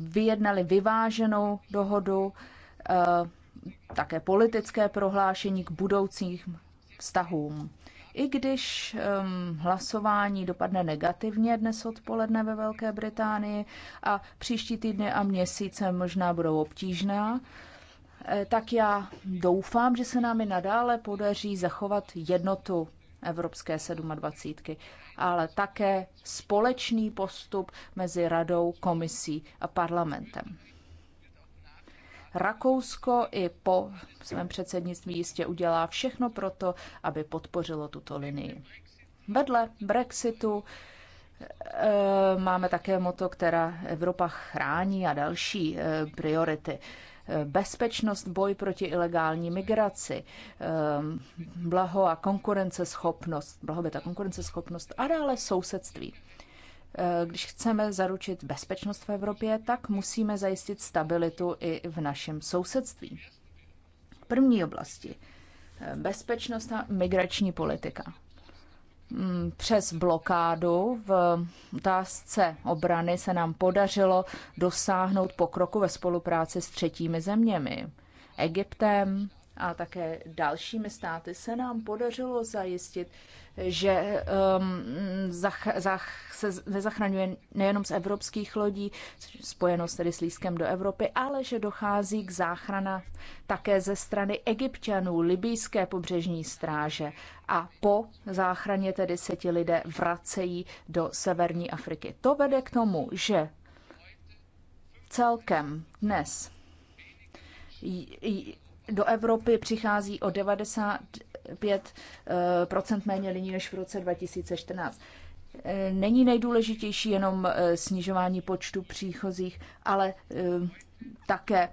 vyjednali vyváženou dohodu, eh, také politické prohlášení k budoucím vztahům. I když um, hlasování dopadne negativně dnes odpoledne ve Velké Británii a příští týdny a měsíce možná budou obtížná, eh, tak já doufám, že se nám i nadále podaří zachovat jednotu Evropské 27, ale také společný postup mezi radou, komisí a parlamentem. Rakousko i po svém předsednictví jistě udělá všechno pro to, aby podpořilo tuto linii. Vedle Brexitu eh, máme také moto, která Evropa chrání a další eh, priority. Eh, bezpečnost, boj proti ilegální migraci, blaho a konkurenceschopnost, blahobyt a konkurenceschopnost a dále sousedství. Eh, když chceme zaručit bezpečnost v Evropě, tak musíme zajistit stabilitu i v našem sousedství. První oblasti. Eh, bezpečnost a migrační politika. Mm, přes blokádu v otázce obrany se nám podařilo dosáhnout pokroku ve spolupráci s třetími zeměmi. Egyptem, a také dalšími státy se nám podařilo zajistit, že um, zach, zach, se nezachraňuje nejenom z evropských lodí, spojenost tedy s lískem do Evropy, ale že dochází k záchrana také ze strany egyptianů, libijské pobřežní stráže. A po záchraně tedy se ti lidé vracejí do severní Afriky. To vede k tomu, že celkem dnes do Evropy přichází o 95 eh, méně lidí než v roce 2014. Eh, není nejdůležitější jenom eh, snižování počtu příchozích, ale také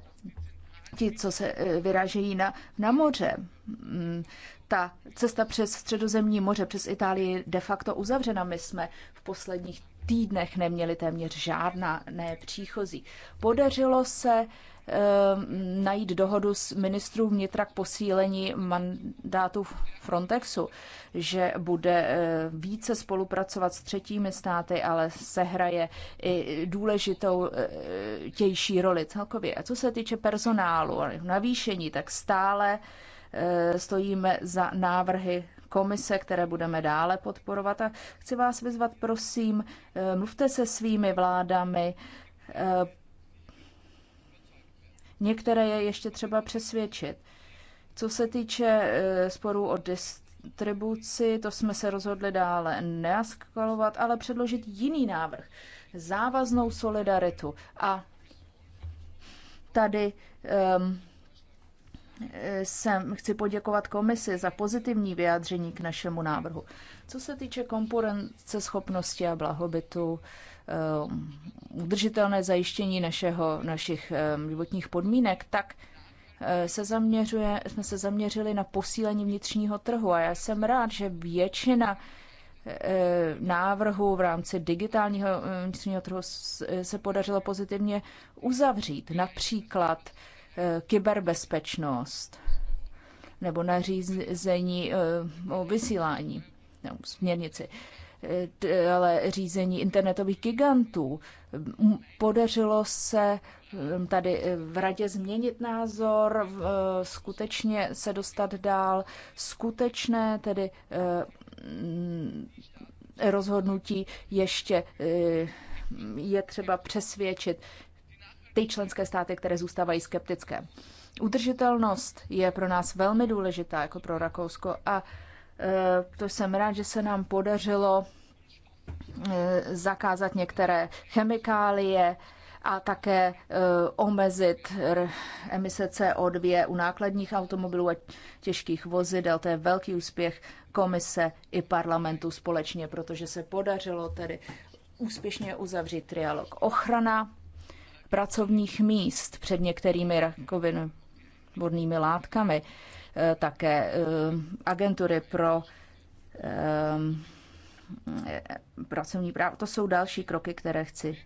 ti, co se vyrážejí na, na moře. Mm, ta cesta přes Středozemní moře, přes Itálii je de facto uzavřena. My jsme v posledních týdnech neměli téměř žádná ne příchozí. Podařilo se ehm, najít dohodu s ministrů vnitra k posílení mandátu Frontexu, že bude eh, více spolupracovat s třetími státy, ale sehraje i důležitou eh, tější roli celkově. A co se týče personálu a navýšení, tak stále eh, stojíme za návrhy komise, které budeme dále podporovat. A chci vás vyzvat, prosím, eh, mluvte se svými vládami, eh, Některé je ještě třeba přesvědčit. Co se týče eh, sporů o distribuci, to jsme se rozhodli dále neaskalovat, ale předložit jiný návrh. Závaznou solidaritu. A tady um, jsem, chci poděkovat komisi za pozitivní vyjádření k našemu návrhu. Co se týče schopnosti a blahobytu, eh, udržitelné zajištění našeho, našich eh, životních podmínek, tak eh, se zaměřuje, jsme se zaměřili na posílení vnitřního trhu a já jsem rád, že většina návrhu v rámci digitálního vnitřního trhu se podařilo pozitivně uzavřít. Například Eh, kyberbezpečnost nebo nařízení eh, o vysílání, nebo směrnici, eh, ale řízení internetových gigantů. Podařilo se tady v radě změnit názor, skutečně se dostat dál, skutečné tedy rozhodnutí ještě je třeba přesvědčit ty členské státy, které zůstávají skeptické. Udržitelnost je pro nás velmi důležitá, jako pro Rakousko, a e, to jsem rád, že se nám podařilo e, zakázat některé chemikálie a také e, omezit emise CO2 u nákladních automobilů a těžkých vozidel. To je velký úspěch komise i parlamentu společně, protože se podařilo tedy úspěšně uzavřít trialog. Ochrana pracovních míst před některými rakovinovodnými látkami. E, také e, agentury pro e, pracovní právo. To jsou další kroky, které chci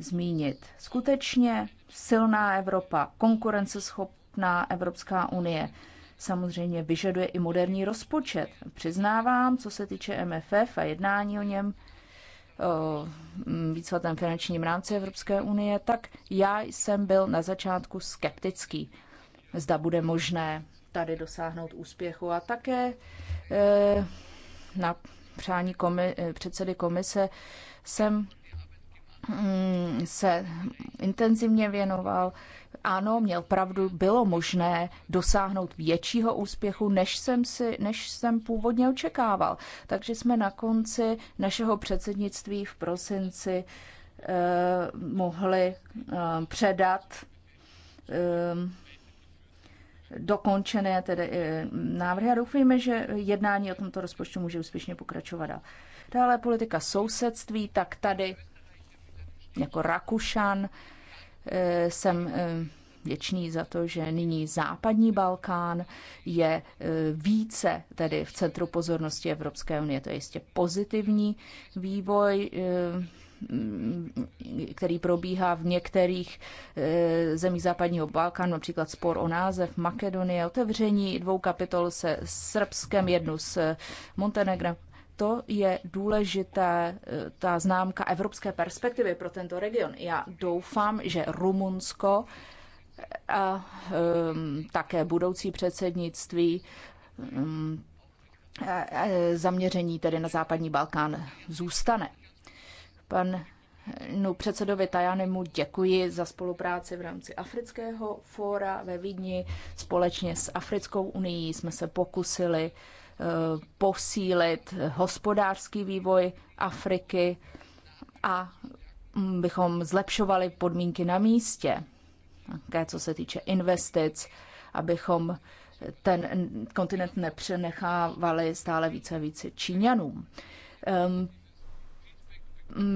zmínit. Skutečně silná Evropa, konkurenceschopná Evropská unie samozřejmě vyžaduje i moderní rozpočet. Přiznávám, co se týče MFF a jednání o něm, Eh, mm, víceletém finančním rámci Evropské unie, tak já jsem byl na začátku skeptický, zda bude možné tady dosáhnout úspěchu a také eh, na přání komi- eh, předsedy komise jsem Hmm, se intenzivně věnoval. Ano, měl pravdu, bylo možné dosáhnout většího úspěchu, než jsem, si, než jsem původně očekával. Takže jsme na konci našeho předsednictví v prosinci eh, mohli eh, předat eh, dokončené tedy eh, návrhy a doufujeme, že jednání o tomto rozpočtu může úspěšně pokračovat. Dále politika sousedství, tak tady jako Rakušan eh, jsem eh, věčný za to, že nyní západní Balkán je eh, více tedy v centru pozornosti Evropské unie. To je jistě pozitivní vývoj, který probíhá v některých zemích západního Balkánu, například spor o název Makedonie, otevření dvou kapitol se Srbskem, jednu s Montenegrem proto je důležité eh, ta známka evropské perspektivy pro tento region. Já doufám, že Rumunsko eh, a ehm, také budoucí předsednictví ehm, zaměření tedy na západní Balkán zůstane. Pan No, předsedovi Tajanemu děkuji za spolupráci v rámci Afrického fóra ve Vídni. Společně s Africkou unii jsme se pokusili uh, posílit hospodářský vývoj Afriky a bychom zlepšovali podmínky na místě, také co se týče investic, abychom ten kontinent nepřenechávali stále více a více Číňanům. Ehm,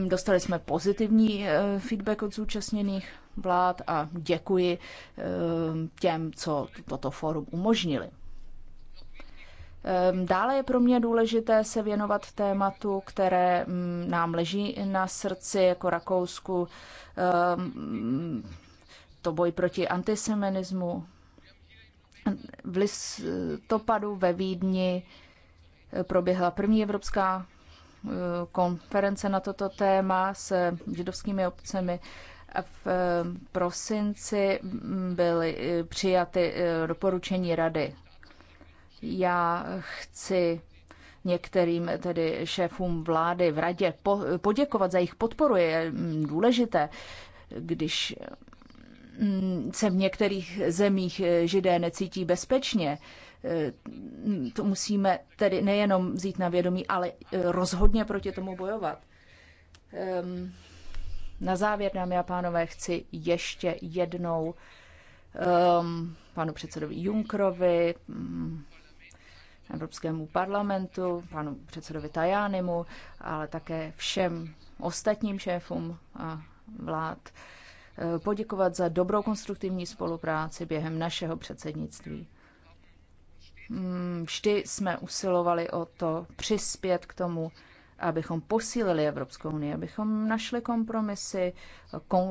dostali jsme pozitivní eh, feedback od zúčastněných vlád a děkuji ehm, těm, co toto fórum umožnili. Ehm, dále je pro mě důležité se věnovat tématu, které mm, nám leží na srdci, jako Rakousku, ehm, to boj proti antisemitismu. V listopadu ve Vídni eh, proběhla první evropská eh, konference na toto téma s židovskými obcemi. V eh, prosinci byly přijaty doporučení rady já chci některým tedy šéfům vlády v radě po, poděkovat za jejich podporu. Je mm, důležité, když mm, se v některých zemích e, židé necítí bezpečně. E, to musíme tedy nejenom vzít na vědomí, ale e, rozhodně proti tomu bojovat. Ehm, na závěr, dámy a pánové, chci ještě jednou ehm, panu předsedovi Junkrovi, mm, Evropskému parlamentu, panu předsedovi Tajánimu, ale také všem ostatním šéfům vlád eh, poděkovat za dobrou konstruktivní spolupráci během našeho předsednictví. Hmm, vždy jsme usilovali o to přispět k tomu, abychom posílili Evropskou unii, abychom našli kompromisy,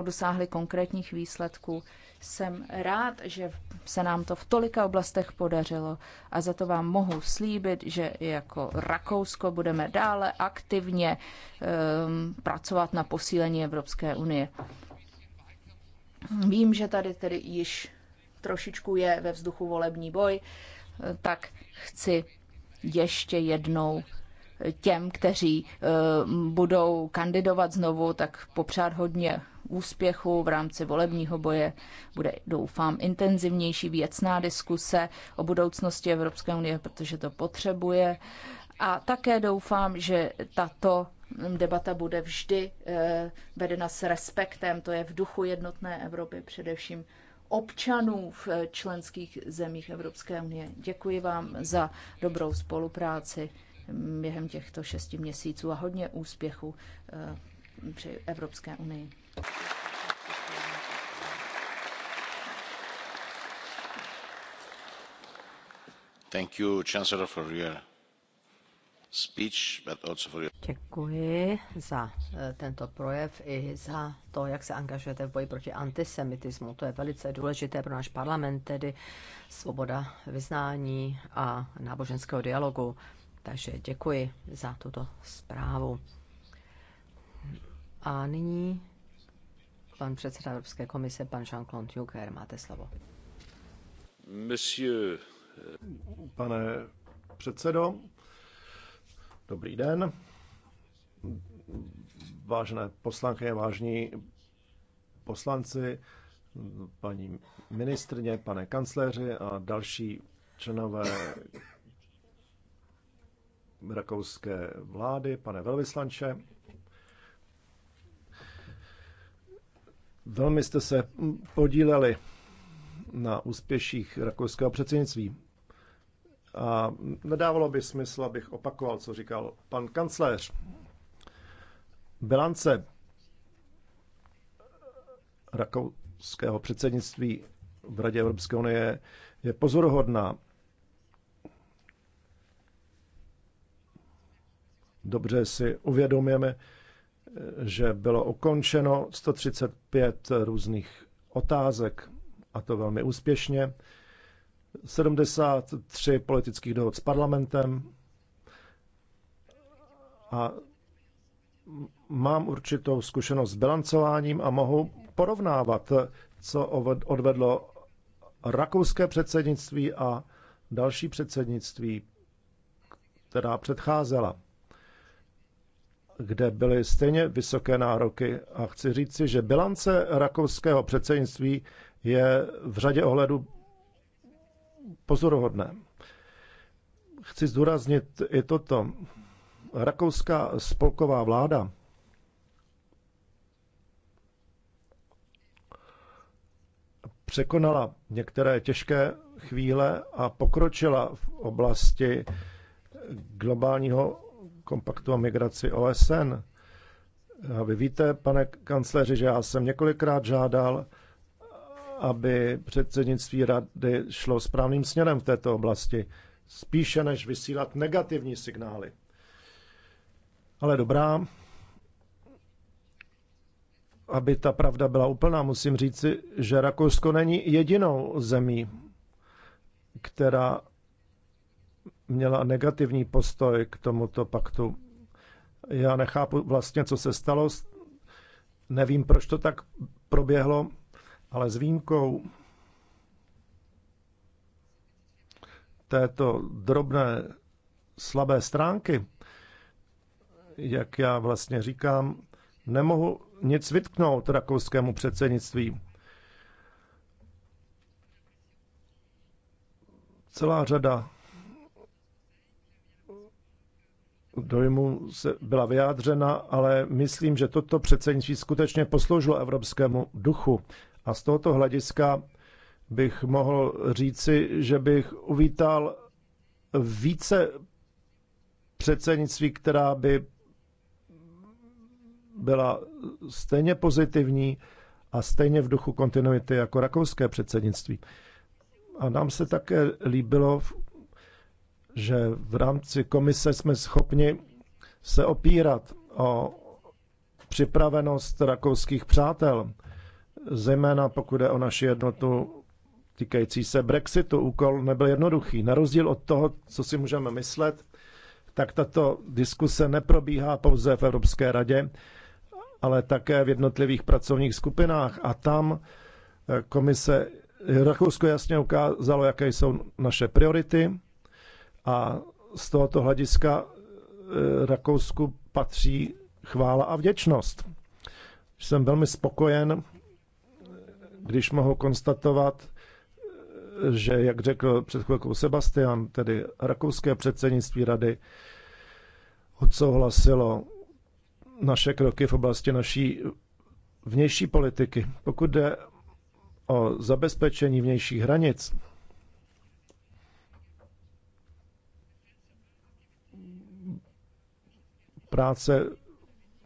dosáhli konkrétních výsledků. Jsem rád, že se nám to v tolika oblastech podařilo a za to vám mohu slíbit, že jako Rakousko budeme dále aktivně um, pracovat na posílení Evropské unie. Vím, že tady tedy již trošičku je ve vzduchu volební boj, tak chci ještě jednou těm, kteří eh, budou kandidovat znovu, tak popřát hodně úspěchu v rámci volebního boje. Bude, doufám, intenzivnější věcná diskuse o budoucnosti Evropské unie, protože to potřebuje. A také doufám, že tato debata bude vždy eh, vedena s respektem, to je v duchu jednotné Evropy, především občanů v eh, členských zemích Evropské unie. Děkuji vám za dobrou spolupráci během těchto šesti měsíců a hodně úspěchu eh, při Evropské unii. Thank you, Chancellor, for your speech, but also for your... Děkuji za eh, tento projev i za to, jak se angažujete v boji proti antisemitismu. To je velice důležité pro náš parlament, tedy svoboda vyznání a náboženského dialogu. Takže děkuji za tuto zprávu. A nyní pan předseda Evropské komise, pan Jean-Claude Juncker, máte slovo. Monsieur. Pane předsedo, dobrý den. Vážené poslankyně, vážní poslanci, paní ministrně, pane kancléři a další členové rakouské vlády, pane velvyslanče. Velmi jste se podíleli na úspěších rakouského předsednictví. A nedávalo by smysl, abych opakoval, co říkal pan kancléř. Bilance rakouského předsednictví v Radě Evropské unie je pozoruhodná dobře si uvědomujeme, že bylo ukončeno 135 různých otázek, a to velmi úspěšně. 73 politických dohod s parlamentem a mám určitou zkušenost s bilancováním a mohu porovnávat, co odvedlo rakouské předsednictví a další předsednictví, která předcházela kde byly stejně vysoké nároky. A chci říci, že bilance rakouského předsednictví je v řadě ohledů pozoruhodné. Chci zdůraznit i toto. Rakouská spolková vláda překonala některé těžké chvíle a pokročila v oblasti globálního kompaktu o migraci OSN. A vy víte, pane kancléři, že já jsem několikrát žádal, aby předsednictví rady šlo správným směrem v této oblasti, spíše než vysílat negativní signály. Ale dobrá, aby ta pravda byla úplná, musím říci, že Rakousko není jedinou zemí, která měla negativní postoj k tomuto paktu. Já nechápu vlastně, co se stalo. Nevím, proč to tak proběhlo, ale s výjimkou této drobné slabé stránky, jak já vlastně říkám, nemohu nic vytknout rakouskému předsednictví. Celá řada dojmu se byla vyjádřena, ale myslím, že toto předsednictví skutečně posloužilo evropskému duchu. A z tohoto hlediska bych mohl říci, že bych uvítal více předsednictví, která by byla stejně pozitivní a stejně v duchu kontinuity jako rakouské předsednictví. A nám se také líbilo v že v rámci komise jsme schopni se opírat o připravenost rakouských přátel, zejména pokud je o naši jednotu týkající se Brexitu. Úkol nebyl jednoduchý. Na rozdíl od toho, co si můžeme myslet, tak tato diskuse neprobíhá pouze v Evropské radě, ale také v jednotlivých pracovních skupinách. A tam eh, komise Rakousko jasně ukázalo, jaké jsou naše priority a z tohoto hlediska e, Rakousku patří chvála a vděčnost. Jsem velmi spokojen, když mohu konstatovat, že, jak řekl před chvilkou Sebastian, tedy rakouské předsednictví rady odsouhlasilo naše kroky v oblasti naší vnější politiky. Pokud jde o zabezpečení vnějších hranic, práce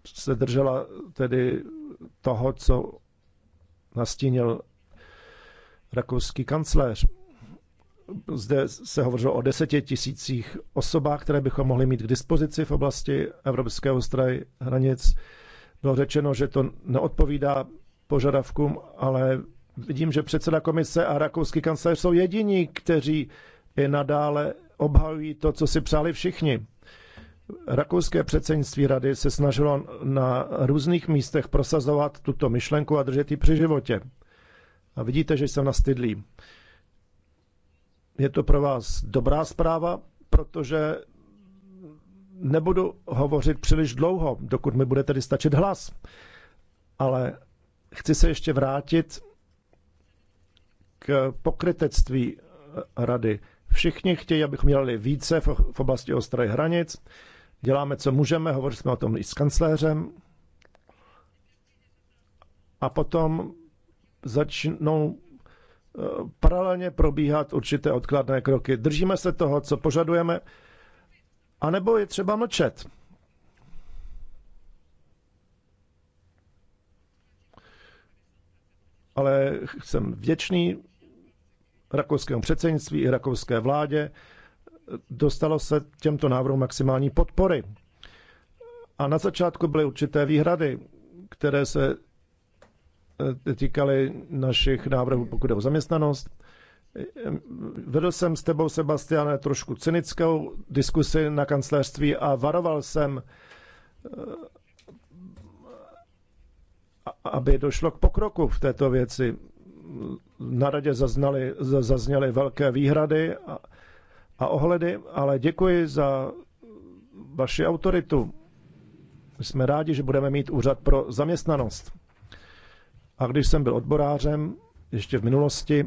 se držela tedy toho, co nastínil rakouský kancléř. Zde se hovořilo o deseti tisících osobách, které bychom mohli mít k dispozici v oblasti evropského straje hranic. Bylo řečeno, že to neodpovídá požadavkům, ale vidím, že předseda komise a rakouský kancléř jsou jediní, kteří i nadále obhajují to, co si přáli všichni. Rakouské předsednictví rady se snažilo na různých místech prosazovat tuto myšlenku a držet ji při životě. A vidíte, že jsem nastydlý. Je to pro vás dobrá zpráva, protože nebudu hovořit příliš dlouho, dokud mi bude tedy stačit hlas. Ale chci se ještě vrátit k pokrytectví rady. Všichni chtějí, abychom dělali více v oblasti ostrých hranic. Děláme, co můžeme, hovořili jsme o tom i s kancléřem. A potom začnou eh, paralelně probíhat určité odkladné kroky. Držíme se toho, co požadujeme, anebo je třeba mlčet. Ale jsem věčný rakouskému předsednictví i rakouské vládě dostalo se těmto návrhům maximální podpory. A na začátku byly určité výhrady, které se eh, týkaly našich návrhů, pokud je o zaměstnanost. Vedl jsem s tebou, Sebastiane, trošku cynickou diskusi na kancelářství a varoval jsem, eh, aby došlo k pokroku v této věci. Na radě zaznali, zazněly velké výhrady a, a ohledy, ale děkuji za vaši autoritu. Jsme rádi, že budeme mít úřad pro zaměstnanost. A když jsem byl odborářem, ještě v minulosti,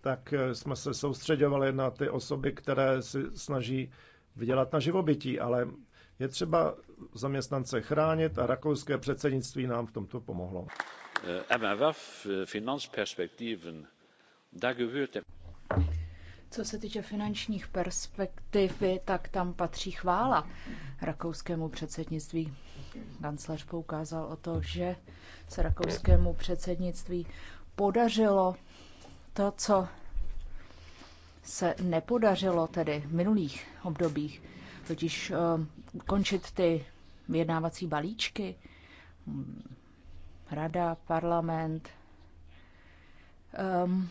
tak eh, jsme se soustředovali na ty osoby, které si snaží vydělat na živobytí, ale je třeba zaměstnance chránit a rakouské předsednictví nám v tomto pomohlo. Eh, MFF, eh, Finanzperspektiven co se týče finančních perspektiv, tak tam patří chvála rakouskému předsednictví. Kancléř poukázal o to, že se rakouskému předsednictví podařilo to, co se nepodařilo tedy v minulých obdobích, totiž uh, eh, končit ty vyjednávací balíčky, rada, parlament, um,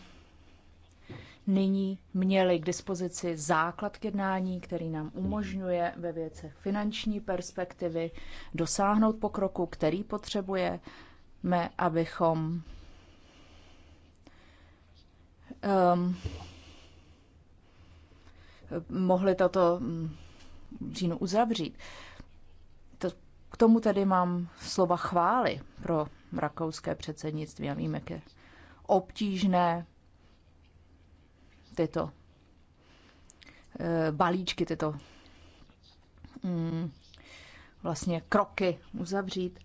nyní měli k dispozici základ k jednání, který nám umožňuje ve věcech finanční perspektivy dosáhnout pokroku, který potřebujeme, abychom um, mohli toto um, říjnu uzavřít. To, k tomu tedy mám slova chvály pro rakouské předsednictví a víme, jak je obtížné tyto eh, balíčky, tyto mm, vlastně kroky uzavřít.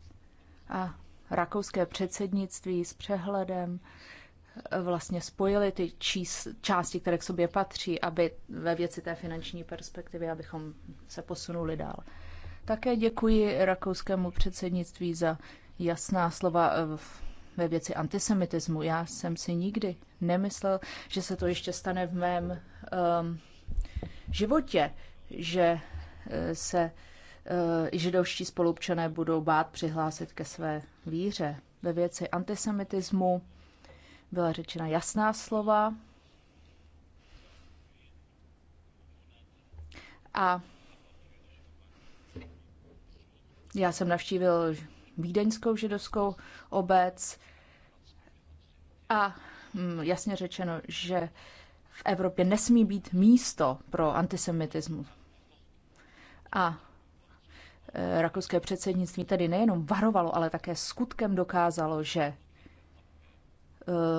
A rakouské předsednictví s přehledem eh, vlastně spojili ty čís, části, které k sobě patří, aby ve věci té finanční perspektivy, abychom se posunuli dál. Také děkuji rakouskému předsednictví za jasná slova eh, v ve věci antisemitismu. Já jsem si nikdy nemyslel, že se to ještě stane v mém um, životě, že uh, se uh, židovští spolupčané budou bát přihlásit ke své víře. Ve věci antisemitismu byla řečena jasná slova a já jsem navštívil vídeňskou židovskou obec a hm, jasně řečeno, že v Evropě nesmí být místo pro antisemitismus. A e, rakouské předsednictví tedy nejenom varovalo, ale také skutkem dokázalo, že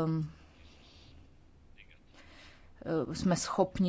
um, jsme schopni